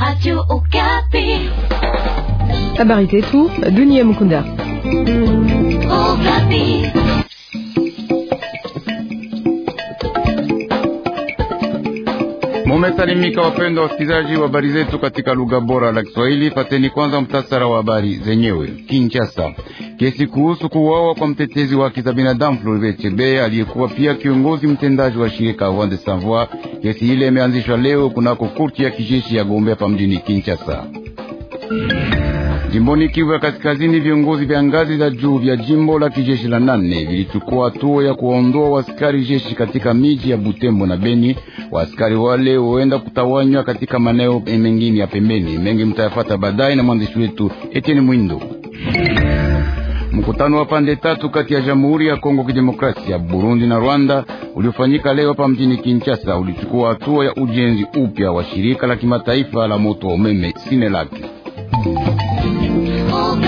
Radio Okapi. Habari zetu Dunia Mukunda. Okapi. Mumesalimika wapendwa wasikilizaji wa habari zetu katika lugha bora la Kiswahili. fateni kwanza mtasara wa habari zenyewe. Kinshasa Kesi kuhusu kuwawa kwa mtetezi wa haki za binadamu Floribert Chebeya aliyekuwa pia kiongozi mtendaji wa shirika Voix des Sans Voix. Kesi ile imeanzishwa leo kunako kurti ya kijeshi ya Gombe hapa mjini Kinshasa. Jimboni Kivu ya Kaskazini, viongozi vya ngazi za juu vya jimbo la kijeshi la nane vilichukua hatua ya kuondoa waaskari jeshi katika miji ya Butembo na Beni. Waaskari wale huenda kutawanywa katika maeneo mengine ya pembeni. Mengi mtayafuata baadaye na mwandishi wetu Etienne Mwindo. Mkutano wa pande tatu kati ya Jamhuri ya Kongo Kidemokrasia, Burundi na Rwanda uliofanyika leo hapa mjini Kinshasa ulichukua hatua ya ujenzi upya wa shirika la kimataifa la moto wa umeme Sinelaki. Oh,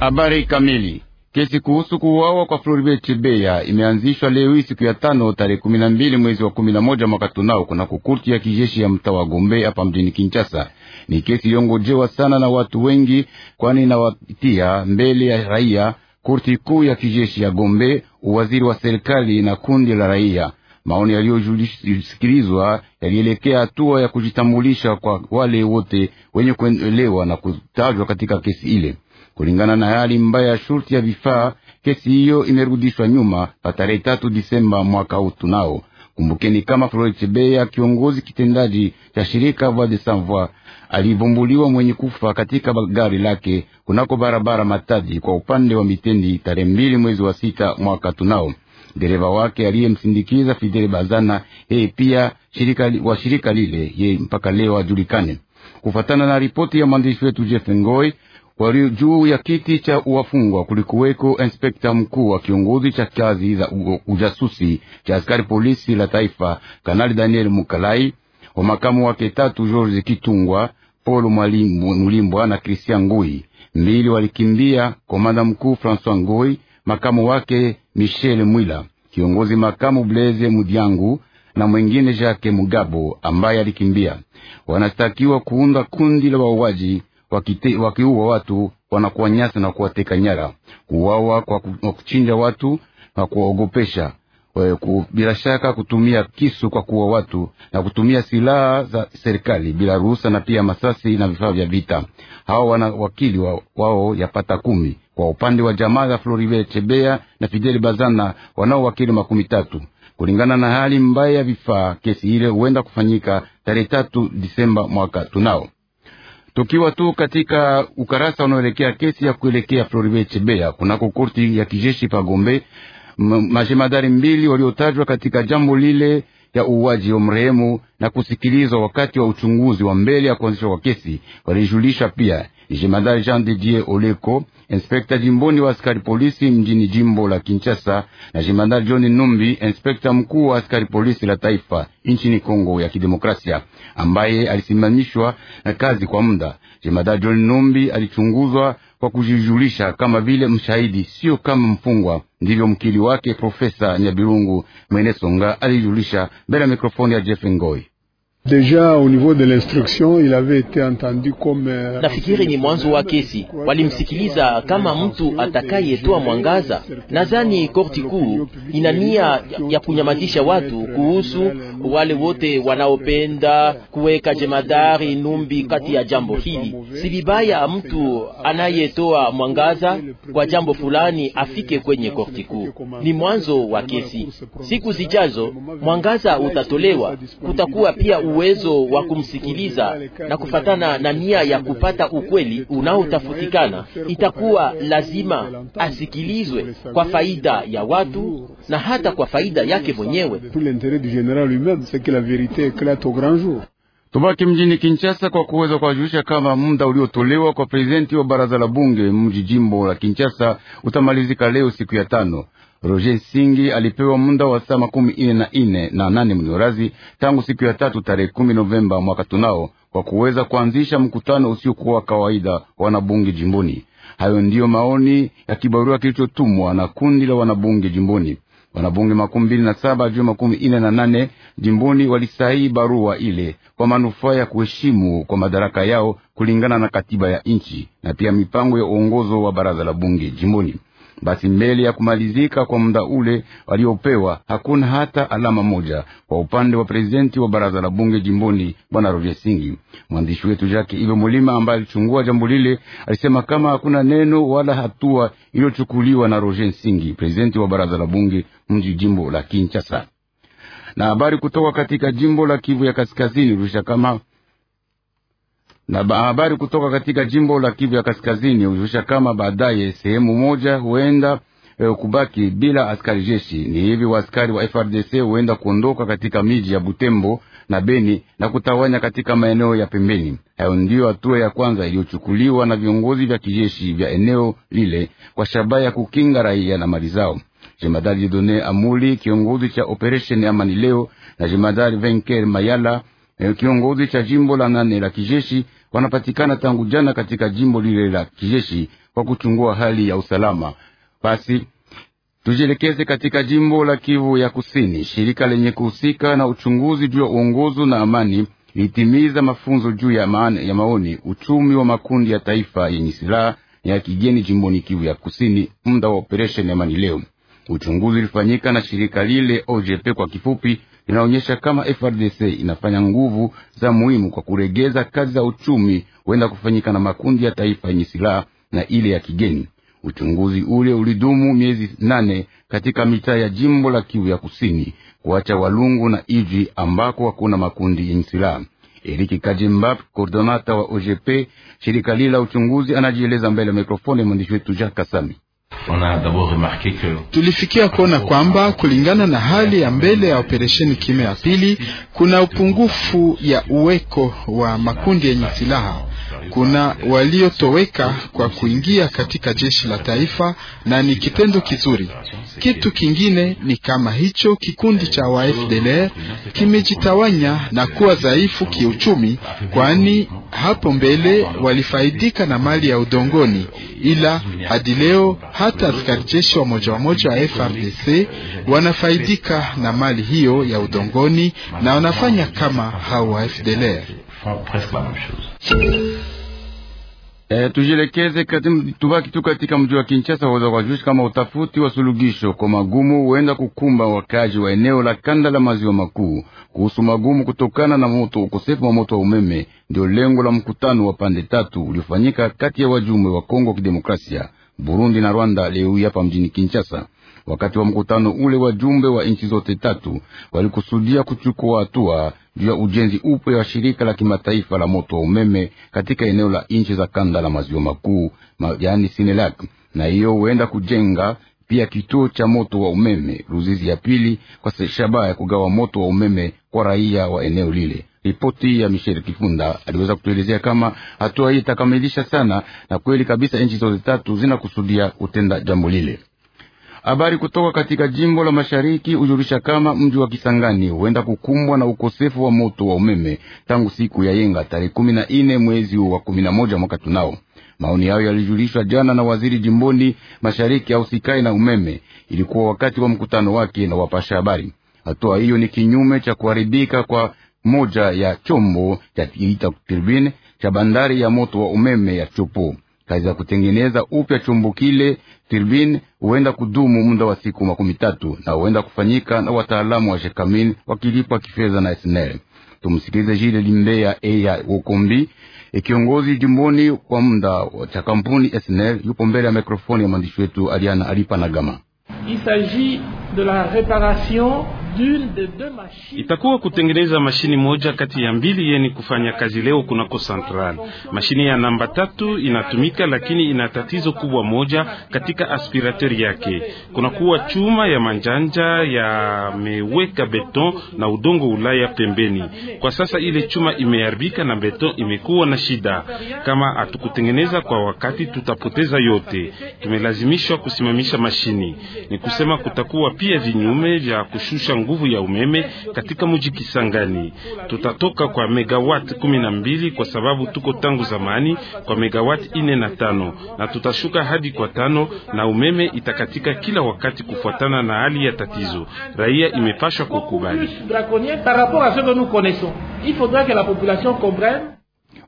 Habari kamili Kesi kuhusu kuuawa kwa Floribert Chebeya imeanzishwa leo siku ya tano tarehe kumi na mbili mwezi wa kumi na moja mwaka tunao kuna kukurti ya kijeshi ya mtaa wa Gombe hapa mjini Kinshasa. Ni kesi iliyongojewa sana na watu wengi, kwani inawatia mbele ya raia kurti kuu ya kijeshi ya Gombe, uwaziri wa serikali na kundi la raia. Maoni yaliyosikilizwa yalielekea hatua ya kujitambulisha kwa wale wote wenye kuelewa na kutajwa katika kesi ile. Kulingana na hali mbaya ya shurti ya vifaa, kesi hiyo imerudishwa nyuma pa tarehe tatu Disemba mwaka huu tunao. Kumbukeni kama Flore Chebeya, kiongozi kitendaji cha shirika Voix des Sans Voix, alivumbuliwa mwenye kufa katika gari lake kunako barabara Matadi kwa upande wa Mitendi tarehe mbili mwezi wa sita mwaka tunao. Dereva wake aliyemsindikiza Fidele Bazana, yeye pia shirika wa shirika lile, yeye mpaka leo ajulikane. Kufuatana na ripoti ya mwandishi wetu Jeff Ngoi, walio juu ya kiti cha uwafungwa kulikuweko inspekta mkuu wa kiongozi cha kazi za ujasusi cha askari polisi la taifa Kanali Daniel Mukalai, wa makamu wake tatu George Kitungwa, Paul Mulimbwa na Christian ngui Mbili walikimbia komanda mkuu Francois ngui makamu wake Michel Mwila, kiongozi makamu Blaise Mudiangu na mwengine Jacques Mugabo ambaye alikimbia. Wanastakiwa kuunda kundi la wauaji wakite, wakiua watu wanakuwa nyasi na kuwateka nyara, kuwawa kwa kuchinja watu na kuwaogopesha bila shaka kutumia kisu kwa kuua watu na kutumia silaha za serikali bila ruhusa, na pia masasi na vifaa vya vita. Hawa wana wakili wa, wao yapata kumi kwa upande wa jamaa za Floribe Chebea na Fidel Bazana, wanao wakili makumi tatu kulingana na hali mbaya ya vifaa. Kesi ile huenda kufanyika tarehe tatu Disemba mwaka tunao Tukiwa tu katika ukarasa unaoelekea kesi ya kuelekea Floribe Chebea kunako korti ya kijeshi Pagombe, majemadari mbili waliotajwa katika jambo lile ya uwaji wa mrehemu na kusikilizwa wakati wa uchunguzi wa mbele ya kuanzishwa kwa kesi walijulisha pia Jemadari Jean Didier Oleko, inspekta jimboni wa askari polisi mjini jimbo la Kinshasa, na jemadari John Numbi, inspekta mkuu wa askari polisi la taifa nchini Kongo ya Kidemokrasia, ambaye alisimamishwa na kazi kwa muda. Jemadari John Numbi alichunguzwa kwa kujijulisha kama vile mshahidi, sio kama mfungwa. Ndivyo mkili wake Profesa Nyabirungu Mwenesonga alijulisha mbele ya mikrofoni ya Jeff Ngoi. Nafikiri ni mwanzo wa kesi, walimsikiliza kama mtu atakayetoa mwangaza. Nadhani korti kuu ina nia ya kunyamazisha watu kuhusu wale wote wanaopenda kuweka jemadari Numbi kati ya jambo hili. Si vibaya mtu anayetoa mwangaza kwa jambo fulani afike kwenye korti kuu. Ni mwanzo wa kesi, siku zijazo mwangaza utatolewa. Kutakuwa pia u uwezo wa kumsikiliza na kufatana na nia ya kupata ukweli unaotafutikana, itakuwa lazima asikilizwe kwa faida ya watu na hata kwa faida yake mwenyewe. Tubaki mjini Kinshasa kwa kuweza kuwajulisha kama muda uliotolewa kwa prezidenti wa baraza la bunge mji jimbo la Kinshasa utamalizika leo siku ya tano. Roger Singi alipewa muda wa saa makumi ine na ine na nane mniorazi tangu siku ya tatu tarehe kumi Novemba mwaka tunao kwa kuweza kuanzisha mkutano usiokuwa wa kawaida wanabunge jimboni. Hayo ndiyo maoni ya kibarua kilichotumwa na kundi la wanabunge jimboni. Wanabunge makumi mbili na saba juu makumi ine na nane jimboni walisaini barua ile kwa manufaa ya kuheshimu kwa madaraka yao kulingana na katiba ya nchi na pia mipango ya uongozo wa baraza la bunge jimboni. Basi mbele ya kumalizika kwa muda ule waliopewa, hakuna hata alama moja kwa upande wa prezidenti wa baraza la bunge jimboni bwana roje Singi. Mwandishi wetu jacke Ive Mulima ambaye alichungua jambo lile alisema kama hakuna neno wala hatua iliyochukuliwa na roje Singi, prezidenti wa baraza la bunge mji jimbo la Kinshasa. Na habari kutoka katika jimbo la Kivu ya Kaskazini rusha kama na habari kutoka katika jimbo la Kivu ya Kaskazini hujusha kama baadaye sehemu moja huenda e, kubaki bila askari jeshi. Ni hivi waaskari wa FRDC huenda kuondoka katika miji ya Butembo na Beni na kutawanya katika maeneo ya pembeni. Hayo ndiyo hatua ya kwanza iliyochukuliwa na viongozi vya kijeshi vya eneo lile kwa shabaha ya kukinga raia na mali zao. Jemadari Jedone Amuli, kiongozi cha operesheni Amani leo na Jemadari Venker Mayala kiongozi cha jimbo la nane la kijeshi wanapatikana tangu jana katika jimbo lile la kijeshi kwa kuchungua hali ya usalama. Basi tujielekeze katika jimbo la Kivu ya Kusini. Shirika lenye kuhusika na uchunguzi juu ya uongozi na amani litimiza mafunzo juu ya, ya maoni uchumi wa makundi ya taifa yenye silaha ya kigeni jimboni Kivu ya Kusini, muda wa operesheni amani leo. Uchunguzi ulifanyika na shirika lile OJP kwa kifupi inaonyesha kama FRDC inafanya nguvu za muhimu kwa kuregeza kazi za uchumi huenda kufanyika na makundi ya taifa yenye silaha na ile ya kigeni. Uchunguzi ule ulidumu miezi nane katika mitaa ya jimbo la Kivu ya Kusini, kuacha Walungu na Iji ambako hakuna makundi yenye silaha. Eriki Kajimba, kordonata wa OGP, shirika lile la uchunguzi, anajieleza mbele ya mikrofoni ya mwandishi wetu Jacques Kasami tulifikia kuona kwamba kulingana na hali ya mbele ya operesheni kimya ya pili, kuna upungufu ya uweko wa makundi yenye silaha kuna waliotoweka kwa kuingia katika jeshi la taifa na ni kitendo kizuri. Kitu kingine ni kama hicho kikundi cha waFDLR kimejitawanya na kuwa dhaifu kiuchumi, kwani hapo mbele walifaidika na mali ya udongoni, ila hadi leo hata askari jeshi wa moja wa moja wa FRDC wanafaidika na mali hiyo ya udongoni na wanafanya kama hao wa FDLR font presque la même chose. E, tujielekeze tubaki tu katika mji wa Kinshasa waweza kuwajulisha kama utafuti wa suluhisho kwa magumu huenda kukumba wakazi wa eneo la kanda la maziwa makuu kuhusu magumu kutokana na moto, ukosefu wa moto wa umeme, ndio lengo la mkutano wa pande tatu uliofanyika kati ya wajumbe wa Kongo Kidemokrasia, Burundi na Rwanda leo hii hapa mjini Kinshasa. Wakati wa mkutano ule, wajumbe wa nchi zote tatu walikusudia kuchukua hatua juu ya ujenzi upya wa shirika la kimataifa la moto wa umeme katika eneo la nchi za kanda la maziwa makuu, yaani Sinelak, na hiyo huenda kujenga pia kituo cha moto wa umeme Ruzizi ya pili kwa shabaha ya kugawa moto wa umeme kwa raia wa eneo lile. Ripoti ya Michel Kifunda aliweza kutuelezea kama hatua hii itakamilisha sana, na kweli kabisa nchi zote tatu zinakusudia kutenda jambo lile. Habari kutoka katika jimbo la mashariki hujulisha kama mji wa Kisangani huenda kukumbwa na ukosefu wa moto wa umeme tangu siku ya yenga tarehe kumi na nne mwezi wa kumi na moja mwaka tunao. Maoni hayo yalijulishwa jana na waziri jimboni mashariki au sikai na umeme, ilikuwa wakati wa mkutano wake na wapasha habari. Hatua hiyo ni kinyume cha kuharibika kwa moja ya chombo cha ita turbine cha bandari ya moto wa umeme ya Chopo. Kazi kutengeneza upya chombo kile turbine huenda kudumu muda wa siku makumi tatu na huenda kufanyika na wataalamu wa Shekamin wakilipwa kifedha na SNL. Tumsikilize Jile Limbea Eya Wokombi, e kiongozi jimboni kwa muda cha kampuni SNL, yupo mbele ya mikrofoni ya mwandishi wetu Ariana Alipa Nagama. Itakuwa kutengeneza mashini moja kati ya mbili yeni kufanya kazi leo kunako central Mashini ya namba tatu inatumika, lakini ina tatizo kubwa moja katika aspirateur yake. Kunakuwa chuma ya manjanja yameweka beton na udongo Ulaya pembeni. Kwa sasa ile chuma imeharibika na beton imekuwa na shida. Kama hatukutengeneza kwa wakati, tutapoteza yote. Tumelazimishwa kusimamisha mashini. Ni kusema kutakuwa pia vinyume vya kushusha nguvu ya umeme katika mji Kisangani. Tutatoka kwa megawati kumi na mbili kwa sababu tuko tangu zamani kwa megawati ine na tano na tutashuka hadi kwa tano na umeme itakatika kila wakati kufuatana na hali ya tatizo. Raia imepashwa kukubali.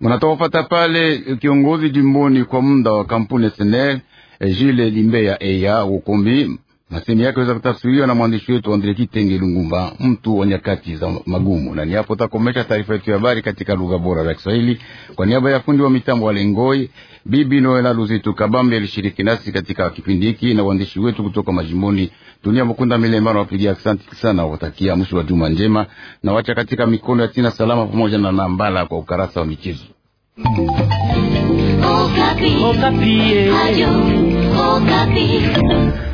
Mnatofata pale kiongozi jimboni kwa muda wa kampuni SNEL Jile Limbeya Eya Ukumbi Masemi yake weza kutafsiriwa na mwandishi wetu Andre Kitenge Lungumba, mtu wa nyakati za magumu. Na niapo takomesha taarifa yetu ya habari katika lugha bora la Kiswahili. Kwa niaba ya fundi wa mitambo wa Lengoi, Bibi Noela Luzitu Kabambe alishiriki nasi katika kipindi hiki na waandishi wetu kutoka majimboni. Dunia Mukunda Milemano wapigia asante sana, watakia mwisho wa juma njema na wacha katika mikono ya Tina Salama pamoja na Nambala kwa ukarasa wa michezo. Oh, Okapi. Okapi. Eh.